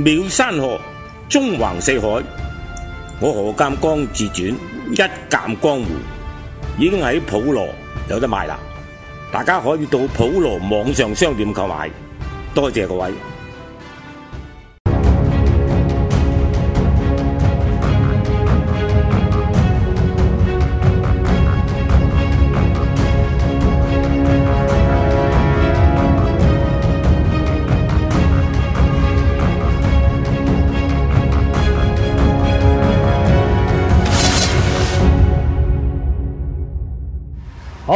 妙山河，縱橫四海。我何鑑江自傳一鑑江湖，已經喺普羅有得賣啦。大家可以到普羅網上商店購買，多謝各位。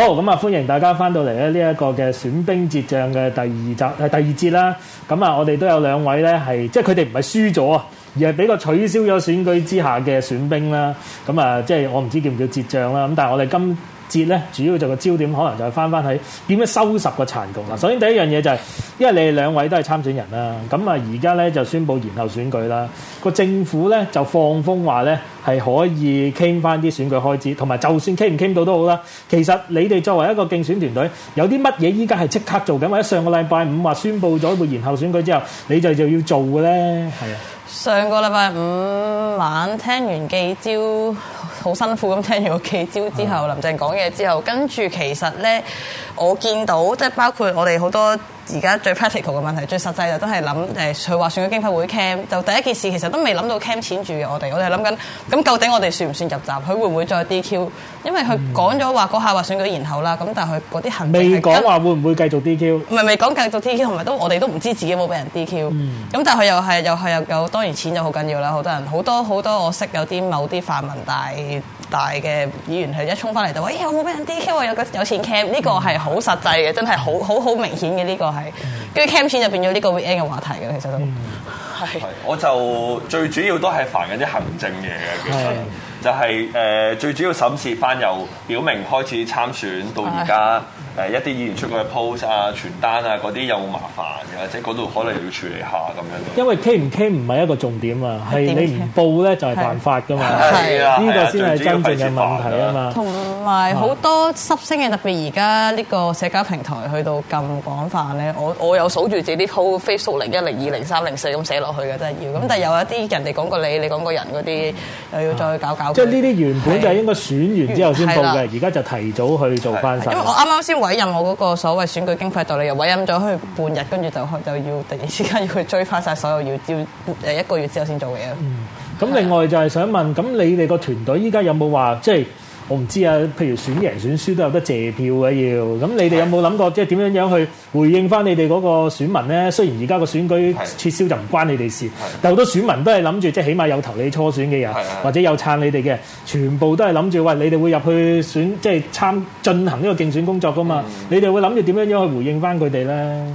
好，咁啊，歡迎大家翻到嚟咧，呢、這個、一個嘅損兵折將嘅第二集，誒第二節啦。咁啊，我哋都有兩位咧，係即係佢哋唔係輸咗啊，而係俾個取消咗選舉之下嘅損兵啦。咁啊，即係我唔知叫唔叫折將啦。咁但係我哋今節咧，主要就個焦點可能就係翻翻喺點樣收拾個殘局啦。首先第一樣嘢就係、是，因為你哋兩位都係參選人啦，咁啊而家咧就宣布延後選舉啦。個政府咧就放風話咧係可以傾翻啲選舉開支，同埋就算傾唔傾到都好啦。其實你哋作為一個競選團隊，有啲乜嘢依家係即刻做緊，或者上個禮拜五話宣布咗會延後選舉之後，你就就要做嘅咧，係啊。上個禮拜五晚聽完記招，好辛苦咁聽完個記招之後，嗯、林鄭講嘢之後，跟住其實咧，我見到即係包括我哋好多。而家最 practical 嘅問題，最實際就都係諗誒，佢話選舉經費會 cam，就第一件事其實都未諗到 cam 錢，住嘅我哋，我哋係諗緊，咁究竟我哋算唔算入閘，佢會唔會再 DQ？因為佢講咗話嗰下話選舉然後啦，咁但係佢嗰啲行動係跟未講話會唔會繼續 DQ？唔係未講繼續 DQ，同埋都我哋都唔知自己有冇俾人 DQ。咁但係佢又係又係又有當然錢就好緊要啦，好多人好多好多我識有啲某啲泛民大大嘅議員係一沖翻嚟就話哎，我有冇俾人 DQ 啊？有個有錢 cam 呢個係好實際嘅，真係好好好明顯嘅呢個。係，跟住 camp 就變咗呢個尾 end 嘅話題嘅，其實都係。嗯、唉 我就最主要都係煩緊啲行政嘢嘅，其實就係、是、誒、呃、最主要審視翻由表明開始參選到而家。唉 誒一啲議員出過去 post 啊、傳單啊嗰啲又麻煩，或者嗰度可能要處理下咁樣。因為傾唔傾唔係一個重點啊，係你唔報咧就係犯法噶嘛。係啊的，呢的個先係真正嘅問題啊嘛。同埋好多濕星嘅，特別而家呢個社交平台去到咁廣泛咧，我我有數住自己 p Facebook 零一零二零三零四咁寫落去嘅，真係要。咁但係有一啲人哋講過你，你講過人嗰啲、嗯、又要再搞搞。即係呢啲原本就應該選完之後先報嘅，而家就提早去做翻曬。因為我啱啱先。委任我嗰個所謂選舉經費代理，又委任咗佢半日，跟住就就要突然之間要去追翻晒所有要要誒一個月之後先做嘢啦。咁、嗯、另外就係想問，咁的你哋個團隊依家有冇話即係？就是我唔知啊，譬如選贏選輸都有得借票嘅要，咁你哋有冇諗過是的 即係點樣樣去回應翻你哋嗰個選民咧？雖然而家個選舉撤銷就唔關你哋事，是的 但好多選民都係諗住即係起碼有投你初選嘅人，是的 或者有撐你哋嘅，全部都係諗住，喂，你哋會入去選即係參進行呢個競選工作㗎嘛？是的 你哋會諗住點樣樣去回應翻佢哋咧？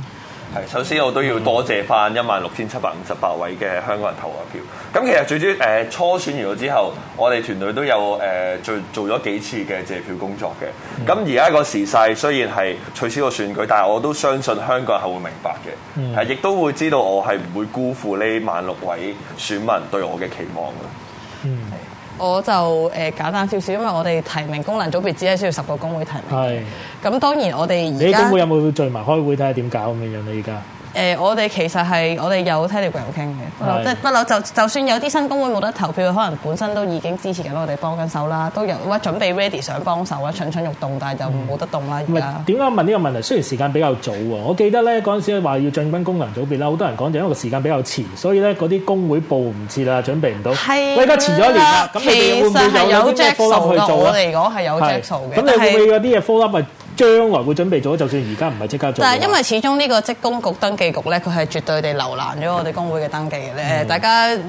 係，首先我都要多謝翻一萬六千七百五十八位嘅香港人投下票。咁其實最主要、呃、初選完咗之後，我哋團隊都有誒、呃、做做咗幾次嘅謝票工作嘅。咁而家個時勢雖然係取消個選舉，但係我都相信香港人係會明白嘅，係亦、嗯、都會知道我係唔會辜負呢萬六位選民對我嘅期望嘅。嗯我就誒、呃、簡單少少，因為我哋提名功能組別只係需要十個工會提名。係，咁當然我哋而家，你工會有冇聚埋開會睇下點搞咁嘅樣咧而家？誒，我哋其實係我哋有 Telegram 傾嘅，即係不嬲就就算有啲新工會冇得投票，可能本身都已經支持緊我哋幫緊手啦，都有或者準備 ready 想幫手，蠢蠢欲動，但係就冇得動啦而家。點解問呢個問題？雖然時間比較早喎，我記得咧嗰陣時話要進軍功能組別啦，好多人講就因為個時間比較遲，所以咧嗰啲工會報唔切啦，準備唔到，而家遲咗一年啦，咁你哋會唔會有啲咩著數去做咧？我嚟講係有著數嘅。咁你會唔會有啲嘢係？將來會準備咗，就算而家唔係即刻做。但係因為始終呢個職工局登記局咧，佢係絕對地留難咗我哋工會嘅登記嘅咧。嗯、大家誒、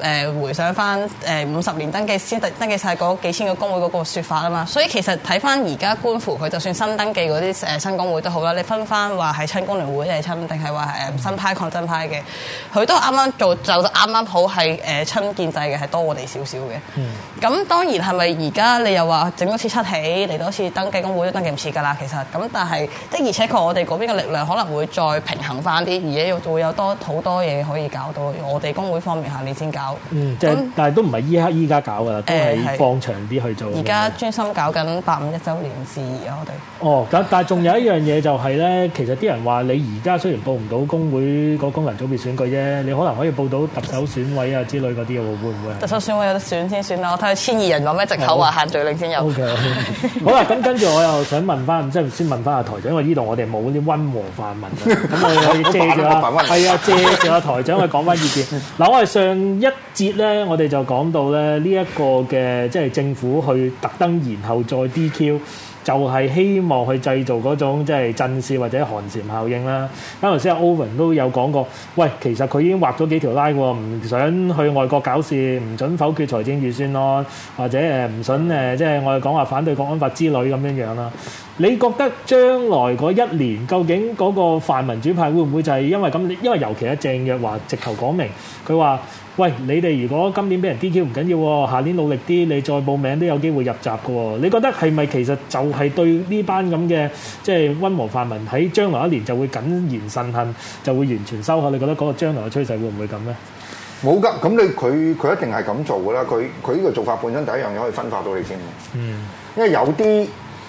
呃、回想翻誒五十年登記先登記曬嗰幾千個工會嗰個説法啊嘛，所以其實睇翻而家官府佢就算新登記嗰啲誒新工會都好啦，你分翻話係親工聯會定係親，定係話誒新派抗爭、嗯、派嘅，佢都啱啱做就啱啱好係誒親建制嘅，係多我哋少少嘅。咁、嗯、當然係咪而家你又話整多次七起嚟多次，次登記工會都登記唔切㗎啦？其實咁，但係的而且確，我哋嗰邊嘅力量可能會再平衡翻啲，而且要會有多好多嘢可以搞到。我哋工會方面嚇，你先搞。嗯，即係，但係都唔係依依家搞噶啦，都係放長啲去做。而家專心搞緊八五一週年事宜啊，我哋。哦，咁但係仲有一樣嘢就係咧，其實啲人話你而家雖然報唔到工會嗰功能組別選舉啫，你可能可以報到特首選委啊之類嗰啲啊，會唔會？特首選委有得選先算啦，我睇下千二人有咩藉口話限聚令先有。O K，好啦，咁跟住我又想問翻。即係先問翻阿台長，因為呢度我哋冇啲溫和泛民，咁我哋可以借住啦。係啊， 借住阿台長 去講翻意見。嗱， 我哋上一節咧，我哋就講到咧呢一、呢個嘅，即係政府去特登，然後再 DQ。就係希望去製造嗰種即係震懾或者寒蟬效應啦。啱頭先阿 Owen 都有講過，喂，其實佢已經畫咗幾條拉喎，唔想去外國搞事，唔准否決財政預算案，或者唔、呃、準誒、呃，即係我哋講話反對國安法之類咁樣樣啦。你覺得將來嗰一年究竟嗰個泛民主派會唔會就係因為咁？因為尤其阿鄭若驊直頭講明，佢話。喂，你哋如果今年俾人 DQ 唔緊要，下年努力啲，你再報名都有機會入閘嘅喎、哦。你覺得係咪其實就係對呢班咁嘅即係温和泛民喺將來一年就會謹言慎行，就會完全收口？你覺得嗰個將來嘅趨勢會唔會咁咧？冇急，咁你佢佢一定係咁做㗎啦。佢佢呢個做法本身第一樣嘢可以分化到你先嘅。嗯，因為有啲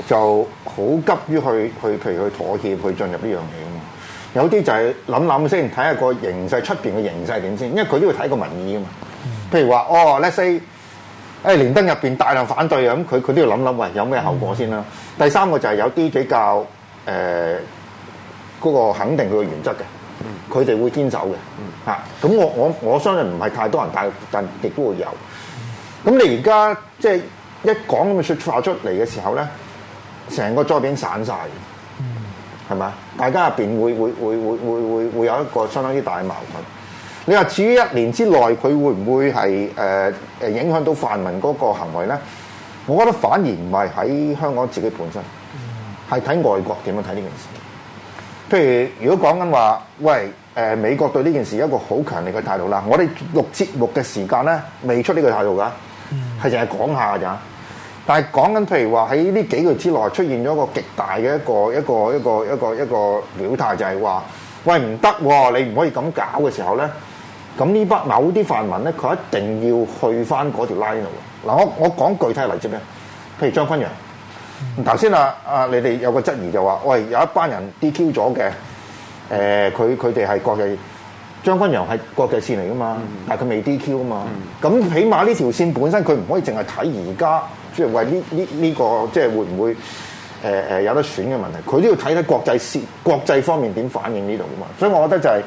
就好急於去去譬如去妥協去進入呢樣嘢。有啲就係諗諗先，睇下個形勢出邊嘅形勢點先，因為佢都要睇個民意啊嘛。譬如話，哦，let's say，誒連登入邊大量反對啊，咁佢佢都要諗諗，喂，有咩後果先啦。第三個就係有啲比較誒嗰、呃那個肯定佢個原則嘅，佢哋會堅守嘅嚇。咁、啊、我我我相信唔係太多人，但但亦都會有。咁你而家即係一講咁嘅説話出嚟嘅時候咧，成個莊片散晒。係嘛？大家入邊會會會會會會會有一個相當於大矛盾。你話至於一年之內佢會唔會係誒誒影響到泛民嗰個行為咧？我覺得反而唔係喺香港自己本身，係睇、嗯、外國點樣睇呢件事。譬如如果講緊話，喂誒、呃、美國對呢件事有一個好強烈嘅態度啦，我哋錄節目嘅時間咧未出呢個態度㗎，係淨係講下咋。但係講緊，譬如話喺呢幾個月之內出現咗一個極大嘅一,一,一,一,一個一個一個一個一個表態，就係話：喂唔得、啊，你唔可以咁搞嘅時候咧。咁呢班某啲泛民咧，佢一定要去翻嗰條 line 嗱、啊，我我講具體例子咧，譬如張崑陽。頭先啊啊，你哋有個質疑就話：喂，有一班人 DQ 咗嘅，誒佢佢哋係國際張崑陽係國際線嚟㗎嘛，嗯、但係佢未 DQ 啊嘛。咁、嗯嗯、起碼呢條線本身佢唔可以淨係睇而家。即係為呢呢呢個會會，即係會唔會誒誒有得選嘅問題，佢都要睇睇國際先國際方面點反應呢度嘅嘛，所以我覺得就係、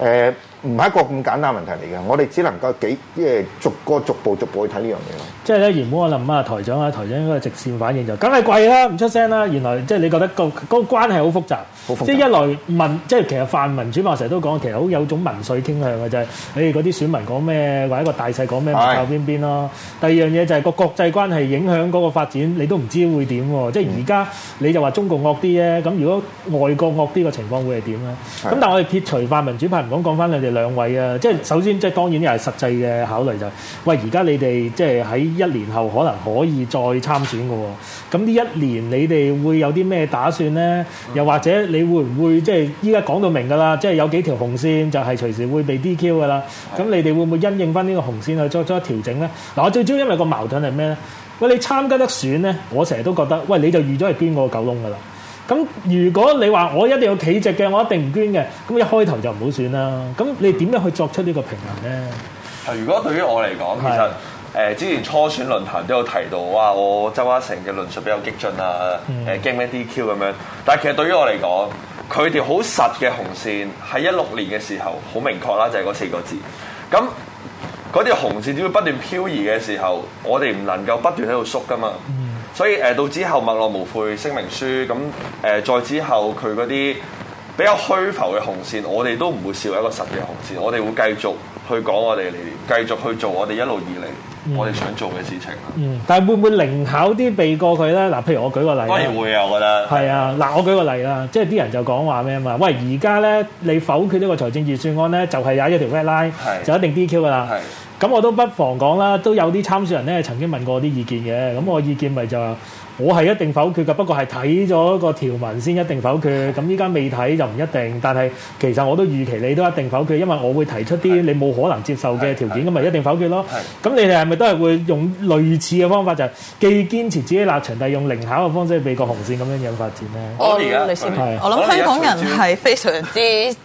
是、誒。呃唔係一個咁簡單問題嚟嘅，我哋只能夠幾即係、呃、逐個逐步逐步去睇呢樣嘢。即係咧原本我諗啊，台長啊，台長嗰個直線反應就梗係貴啦、啊，唔出聲啦、啊。原來即係你覺得個嗰個關係好複雜，複雜即係一來民即係其實泛民主派成日都講，其實好有種民粹傾向嘅啫。你嗰啲選民講咩，或者個大細講咩，唔夠邊邊、啊、咯。是第二樣嘢就係、是、個國際關係影響嗰個發展，你都唔知會點、啊。即係而家你就話中共惡啲咧，咁如果外國惡啲嘅情況會係點咧？咁是但係我哋撇除泛民主派唔講，講翻你哋。兩位啊，即係首先，即係當然又係實際嘅考慮就係、喂，而家你哋即係喺一年後可能可以再參選嘅喎、哦，咁呢一年你哋會有啲咩打算咧？又或者你會唔會即係依家講到明嘅啦？即係有幾條紅線就係隨時會被 DQ 嘅啦。咁是的 你哋會唔會因應翻呢個紅線去作作調整咧？嗱，我最主要因為個矛盾係咩咧？喂，你參加得選咧，我成日都覺得，喂，你就預咗係邊個狗窿嘅啦？咁如果你話我一定要企直嘅，我一定唔捐嘅，咁一開頭就唔好選啦。咁你點樣去作出個呢個評論咧？啊，如果對於我嚟講，其實誒、呃、之前初選論壇都有提到，哇，我鄒家成嘅論述比較激進啊，誒驚咩 DQ 咁樣。但係其實對於我嚟講，佢條好實嘅紅線喺一六年嘅時候好明確啦，就係、是、嗰四個字。咁嗰條紅線只會不斷漂移嘅時候，我哋唔能夠不斷喺度縮㗎嘛。所以誒到之後，默落無悔聲明書咁誒、呃，再之後佢嗰啲比較虛浮嘅紅線，我哋都唔會視為一個實嘅紅線，我哋會繼續去講我哋嚟，繼續去做我哋一路以嚟我哋想做嘅事情，嗯。嗯，但係會唔會靈巧啲避過佢咧？嗱，譬如我舉個例，當然會啊，我覺得係啊。嗱、啊，啊、我舉個例啦，即係啲人就講話咩啊嘛？喂，而家咧你否決呢個財政預算案咧，就係、是、有一條 red line，就一定 DQ 噶啦。的的咁我都不妨講啦，都有啲參選人咧曾經問過我啲意見嘅，咁我意見咪就話。我係一定否決嘅，不過係睇咗個條文先一定否決。咁依家未睇就唔一定，但係其實我都預期你都一定否決，因為我會提出啲你冇可能接受嘅條件，咁咪一定否決咯。係，咁你哋係咪都係會用類似嘅方法，就係既堅持自己立場，但係用靈巧嘅方式避過紅線咁樣發展呢？我而家你先，我諗香港人係非常之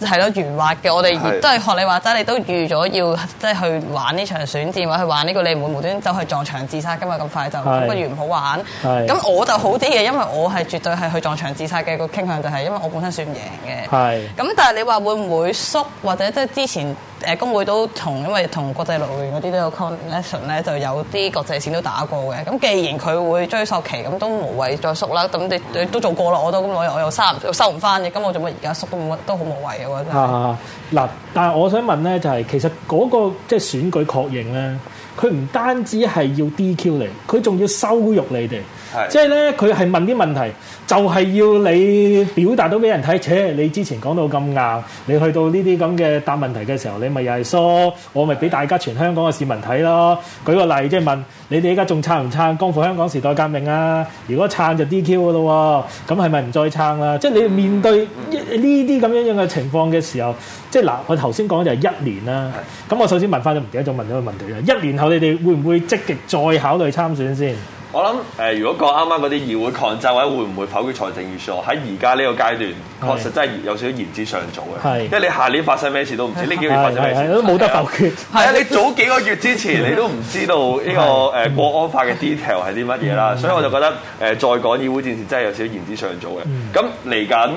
係咯圓滑嘅。我哋亦都係學你話齋，你都預咗要即係去玩呢場選戰，或者去玩呢個，你唔會無端走去撞牆自殺。今日咁快就不如唔好玩，咁。我就好啲嘅，因為我係絕對係去撞牆自殺嘅嗰個傾向，就係，就係因為我本身算唔贏嘅。係是，咁但係你話會唔會縮或者即係之前？誒工會都同，因為同國際勞聯嗰啲都有 connection 咧，就有啲國際線都打過嘅。咁既然佢會追溯期，咁都無謂再縮啦。咁你都做過啦，我都咁我又收又收唔收唔翻嘅，咁我做乜而家縮都冇乜，都好無謂嘅我覺得。嗱，但係我，啊、我想問咧、就係嗰個，就係其實嗰個即係選舉確認咧，佢唔單止係要 DQ 你，佢仲要羞辱你哋。是即係咧，佢係問啲問題，就係、係、要你表達到俾人睇。且你之前講到咁硬，你去到呢啲咁嘅答問題嘅時候，你咪又係疏，我咪俾大家全香港嘅市民睇咯。舉個例，即係問你哋而家仲撐唔撐光復香港時代革命啊？如果撐就 DQ 嘅咯，咁係咪唔再撐啦？即係你面對呢啲咁樣樣嘅情況嘅時候，即係嗱，我頭先講就係一年啦。咁我首先問翻就唔記得就問咗個問題啦。一年後你哋會唔會積極再考慮參選先？我諗誒，如果講啱啱嗰啲議會抗爭或者，會唔會否決財政預算，喺而家呢個階段，確實真係有少少言之尚早嘅。係，因為你下年發生咩事都唔知，呢幾個月發生咩事都冇得否決。係啊，你早幾個月之前，你都唔知道呢個誒國安法嘅 detail 係啲乜嘢啦。所以我就覺得誒，再講議會戰事真係有少少言之尚早嘅。咁嚟緊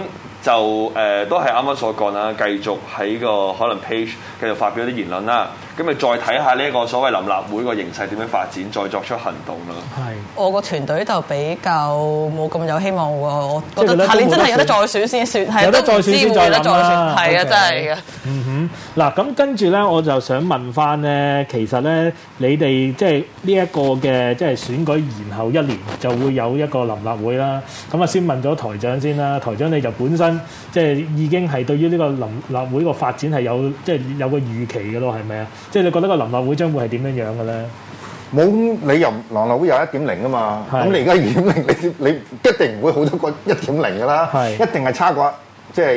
就誒，都係啱啱所講啦，繼續喺個可能 page 繼續發表啲言論啦。咁咪再睇下呢一個所謂臨立會個形勢點樣發展，再作出行動咯。係，我個團隊就比較冇咁有希望喎。我覺得，即係呢年真係有得再選先算，有得再選先再諗啦。係啊，真係嘅。嗯哼，嗱咁跟住咧，我就想問翻咧，其實咧，你哋即係呢一個嘅即係選舉延後一年就會有一個臨立會啦。咁啊，先問咗台長先啦。台長你就本身即係已經係對於呢個臨立會個發展係有即係有個預期嘅咯，係咪啊？即係你覺得個林立會將會係點樣樣嘅咧？冇理由，林立會有一點零啊嘛。咁是的 你而家二點零，你你一定唔會好多過是的 一點零噶啦。一定係差過，即係誒誒誒誒，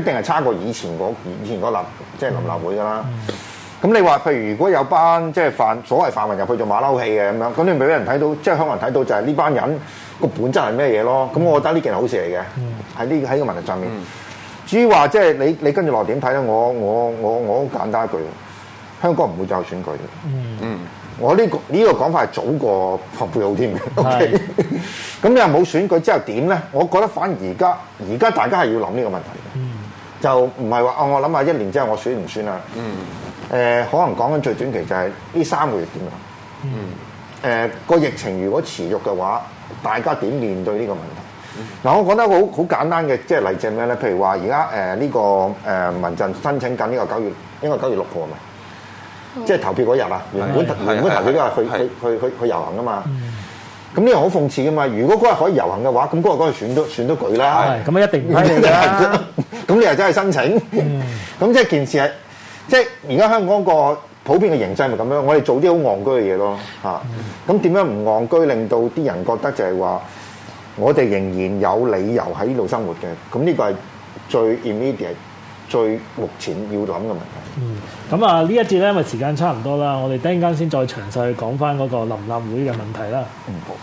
一定係差過以前嗰以前、就是、林，即係林立會噶啦。咁、嗯嗯、你話譬如如果有班即係泛所謂泛民入去做馬騮戲嘅咁樣，咁你咪俾人睇到，即係香港人睇到就係呢班人個本質係咩嘢咯？咁、嗯、我覺得呢件係好事嚟嘅，喺呢喺個問題上面。嗯嗯至於話即係你你跟住落點睇咧？我我我我好簡單一句，香港唔會再有選舉嘅。嗯嗯，我呢個呢個講法係早過蓬佩奧添嘅。OK，咁是 你又冇選舉之後點咧？我覺得反而而家而家大家係要諗呢個問題嘅。嗯、就唔係話啊，我諗下一年之後我選唔選啊？嗯、呃，可能講緊最短期就係呢三個月點啊？嗯，誒、呃，個疫情如果持續嘅話，大家點面對呢個問題？嗱，嗯、我覺得好好簡單嘅，即係例證咩咧？譬如話，而家誒呢個誒民陣申請緊呢個九月，應該九月六號啊嘛，嗯、即係投票嗰日啊，原本本投票都日去係係係係係去去去，去遊行噶嘛，咁呢樣好諷刺噶嘛。如果嗰日可以遊行嘅話，咁嗰日嗰日選都選都舉啦，咁一定唔咁你又真係申請？咁即係件事係，即係而家香港個普遍嘅形勢咪咁樣，我哋做啲好戇居嘅嘢咯嚇。咁點、嗯、樣唔戇居，令到啲人覺得就係話，我哋仍然有理由喺呢度生活嘅，咁、這、呢個係最 immediate、最目前要諗嘅問題。嗯，咁啊呢一節咧，因為時間差唔多啦，我哋等陣間先再詳細講翻嗰個臨立會嘅問題啦。嗯，好。